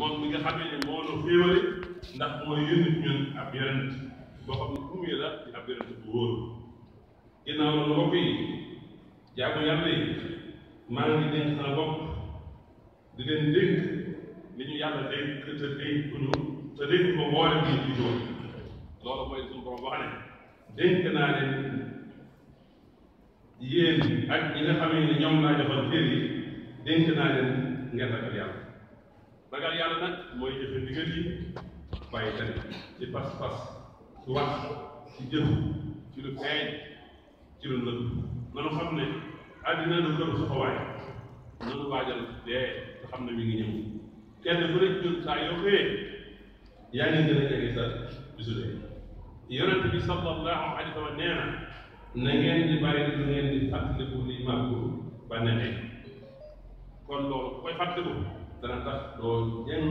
moom mi nga xamee moo la féewale ndax moo yónni ñun ab yonent boo xam la di ab yonent bu wóor ginnaaw loolu mbokk yi jaamu yàlla yi maa ngi dénk sama bopp di leen dénk li ñu yàlla dénk te te dénk ko boole bi ñu jóor loolu mooy suñu borom wax ne dénk naa ak ñi nga xamee ñoom laa defal téer yi dénk naa leen yàlla nag mooy jëfe ndigal yi bàyyi tane ci pas-pas ci wax ci jëf ci lu feeñ ci lu nëbb nanu xam ne àddina lu dëbb saxawaay nanu waajal dee te xam ne mi ngi ñëw kenn ku nekk yaa ngi gën a sa bi sallallahu alayhi wa na na ngeen di bàyyi lu ngeen di fàttaliku li màggu ba dana tax doo jàng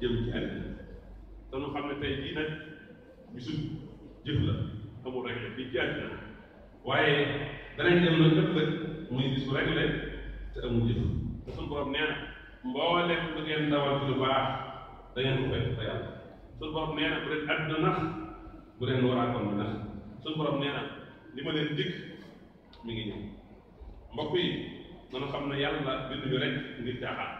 jëm ci àddina te nu xam ne tey jii nag bisu jëf la amul rek la fii ci àddina waaye danañ dem nag ëllëg muy bisu rek la te amul jëf te suñu borom nee na mbooleem lu ngeen dawal ci lu baax da ngeen ko fay fa yàlla suñu borom nee na bu leen àddina nax bu leen war a kon nax suñu borom nee na li ma leen dikk mi ngi ñëw mbokk yi nanu xam ne yàlla bind ñu rek ngir caaxaan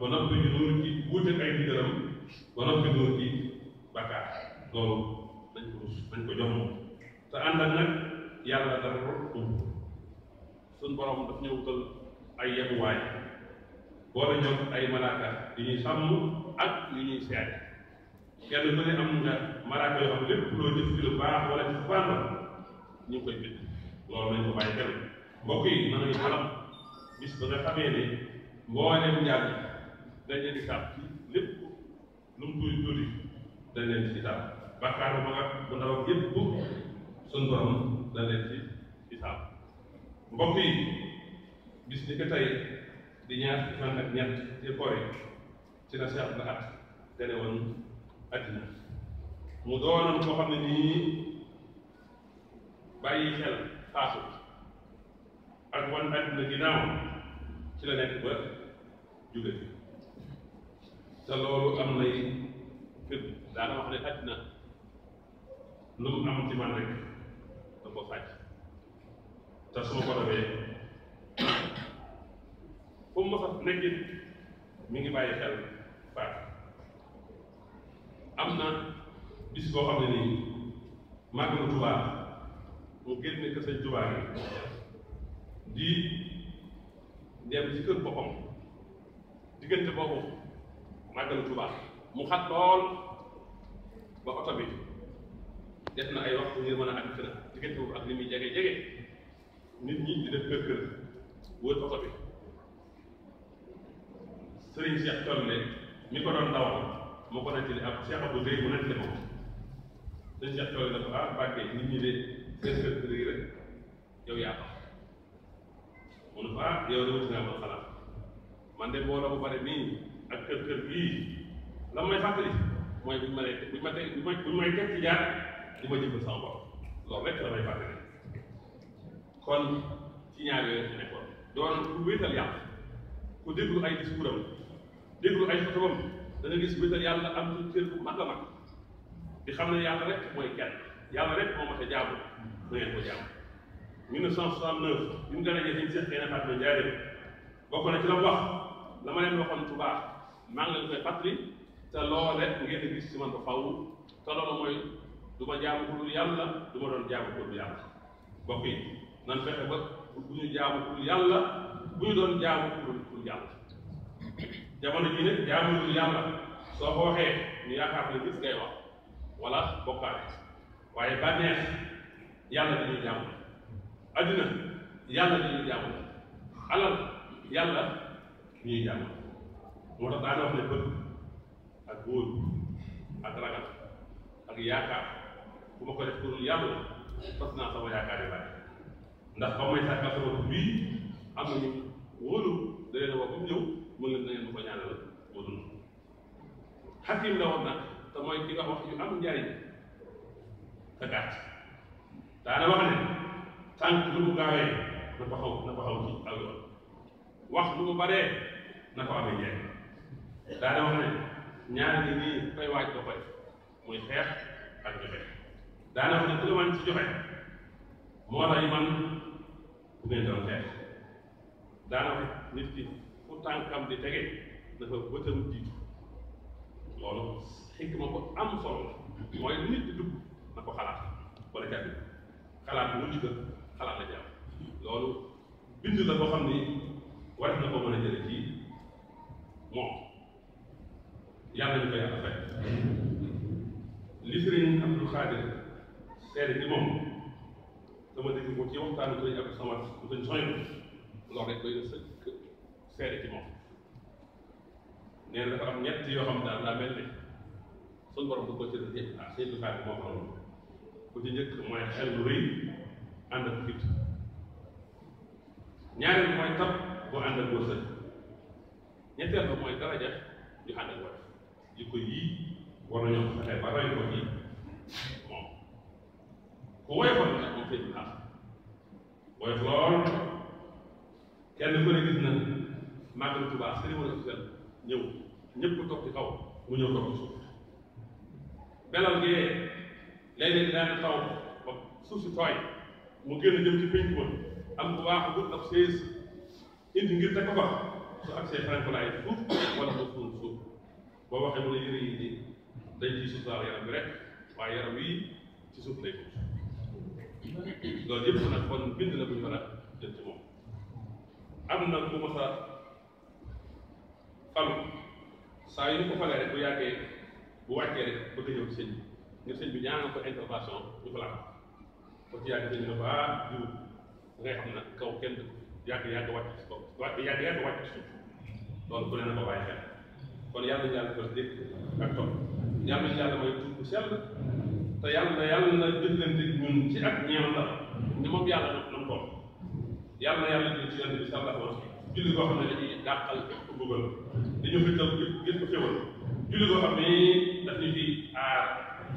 ba noppi ñu dóor ci wuute ay digalam ba noppi dóor ci bakkaar loolu dañ ko dañ te ànd ak nag yàlla dara umb suñ borom daf ñëw wutal ay yebuwaay boole ñoom ay malaaka yu ñuy sàmm ak yu ñuy seet kenn ku am nga malaaka yoo xam lépp loo jëf ci lu baax wala ci fànn ñu ngi koy bind loolu lañ ko bàyyi xel mbokk yi mën nañu xalam bis ba nga xamee ne mbooleem njàng dañ leen di ci lépp lu mu tuuti tuuti dañ leen ci tàpp bàkkaar bu mag ak bu ndaw ak yëpp suñu borom leen ci ci tàpp yi bis ni ko tey di ñaar fan ak ñett ci koor ci la seet na at gane woon addina mu doonoon koo xam ne nii bàyyi xel xaasu ak wan addina ginnaaw ci la nekk ba jóge te loolu am nay kër daana wax ne àddina lu mu am ci man rek da ko fàcc te su ko defee fu ma sax nekkit mi ngi bàyyi xel baax am na bis boo xam ne nii màggalu Tuubaa mu génne ko sëñ Tuubaa di dem ci kër boppam diggante boobu màggalu Tuuba mu xat lool ba oto bi def na ay waxtu ngir mën a àgg fële diggante boobu ak li muy jege jege nit ñi di def kër kër wër oto bi sëriñ Cheikh Tolle mi ko doon dawal moo ko nettali ak Cheikh Abdou Gueye mu nettali ko sëriñ Cheikh Tolle dafa ah bàggee nit ñi de seen kër kër yi rek yow yaa ko mu ne ko ah yow de wuti naa ko xalaat man de mbooloo bu bare nii ak kër kër la may fàttali mooy buñ ma leen buñ ma teg buñ may teg ci ma jëmbal sama bopp la may fàttali kon ci ñaar yooyu la ku wéetal yàlla ku déglu ay discours am déglu ay photo am da nga gis wéetal yàlla am ci cër bu mag a mag di xam ne yàlla rek mooy kenn yàlla rek moo mat a jaamu na ngeen ko jaamu 1969 bi mu gën a jël ñu seet xëy na Fatma Ndiaye bokk na ci la wax ma leen waxoon bu maa ngi leen koy fàttali te loole ngeen di gis man ko faw te loolu mooy du jaamu ku dul yàlla du doon jaamu ku dul yàlla mbokk yi nan bu ñu jaamu ku yàlla doon jaamu ku dul yàlla jamono jii nag jaamu ku dul soo ko ñu yaakaar ne gis ngay wax wala bokkaale waaye bànneex yàlla dañuy jaamu adduna yàlla dañuy jaamu alal yàlla ñuy jaamu moo tax daana wax ne bëgg ak wóolu ak ragal ak yaakaar bu ma ko def pour yàlla fas naa sama yaakaar yi bàyyi ndax ba may sàkkal sama bopp am nañu wóolu da leen a wax bu ñëw na ngeen la woon nag te mooy ki nga wax yu am njariñ te gàtt daana wax ne tànk lu mu gaawee na ko na ko xaw ci aw yoon wax lu mu baree na ko amee daa dama ne ñaar ngi nii koy waaj ba koy muy xeex ak joxe daa dama ku la man ci moo lay man ku ngeen doon xeex daa dama nit fu tànkam di tege dafa bëtam jiitu loolu xikma ko am solo mooy nit dugg na ko xalaat wala xalaat bu mujj xalaat la jàpp loolu bind la boo ni war na ko mën a jële ci yàlla ñu ko yàlla fay li sëriñ Abdou Khadir seede ci moom sama dégg ko ci waxtaan koy ak sama sëñ soñ loolu rek doy na sëkk seede ci moom nee na dafa am yoo xam daal daa mel ni suñu borom du ko cëra jëpp ah sëñ Abdou Khadir moo ko loolu bu ci njëkk mooy xel lu rëy ànd ak fit ñaareel mooy tab bu ànd ak wërsëg ñetteel ba mooy daraja ñu ànd ak wër jikko yii war nañoo fexe ba roy ko nii moom ku woyofoon nag moom sëñ bi daal woyof lool kenn ku ne gis na màggal Tuubaa sëriñ wala sëriñ ñëw ñëpp toog ci kaw mu ñëw toog ci suuf belal gi léeg-léeg daana taw ba suuf si tooy mu génn jëm ci pénc woon am bu baax bu ab sées ngir takk ko su ak see frank laay suuf wala ko suuf suuf boo waxee mu ne yëre yi nii dañ ci suturaal yaram bi rek waaye yaram wi ci suuf lay mujj loolu yëpp nag kon bind la bu ñu mën a jël ci am na ku mas a falu saa yu ñu ko falee rek bu yàggee bu wàccee rek bëgg ñëw ci sëñ bi ngir sëñ bi ñaanal ko intervention ñu falaat ko ci yàgg sëñ bi ne ko ah jiw da ngay xam nag kaw kenn yàgg yàgg wàcc ci kaw yàgg yàgg wàcc ci suuf loolu ku ne na ko bàyyi xel kon yàlla na yàlla def dégg ak topp yàlla na yàlla may tur bu sell te yàlla na yàlla na jëflante ñun ci ak ñeew la ni moom yàlla na mu toll yàlla na yàlla jël ci yàlla bi sàlla ko julli koo xam ne dañuy dàqal ko bëggal dañu fi taw gëpp gëpp xéwal julli koo xam ne daf ñu fi aar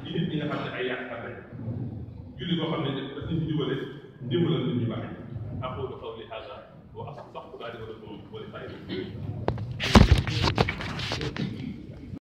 ci nit ñi nga xam ne ay yàqkat lañ julli koo xam ne daf ñu fi jubale ndimbalal nit ñu baax aqulu qawli hada wa astaghfirullaha li wa lakum wa li saa'iril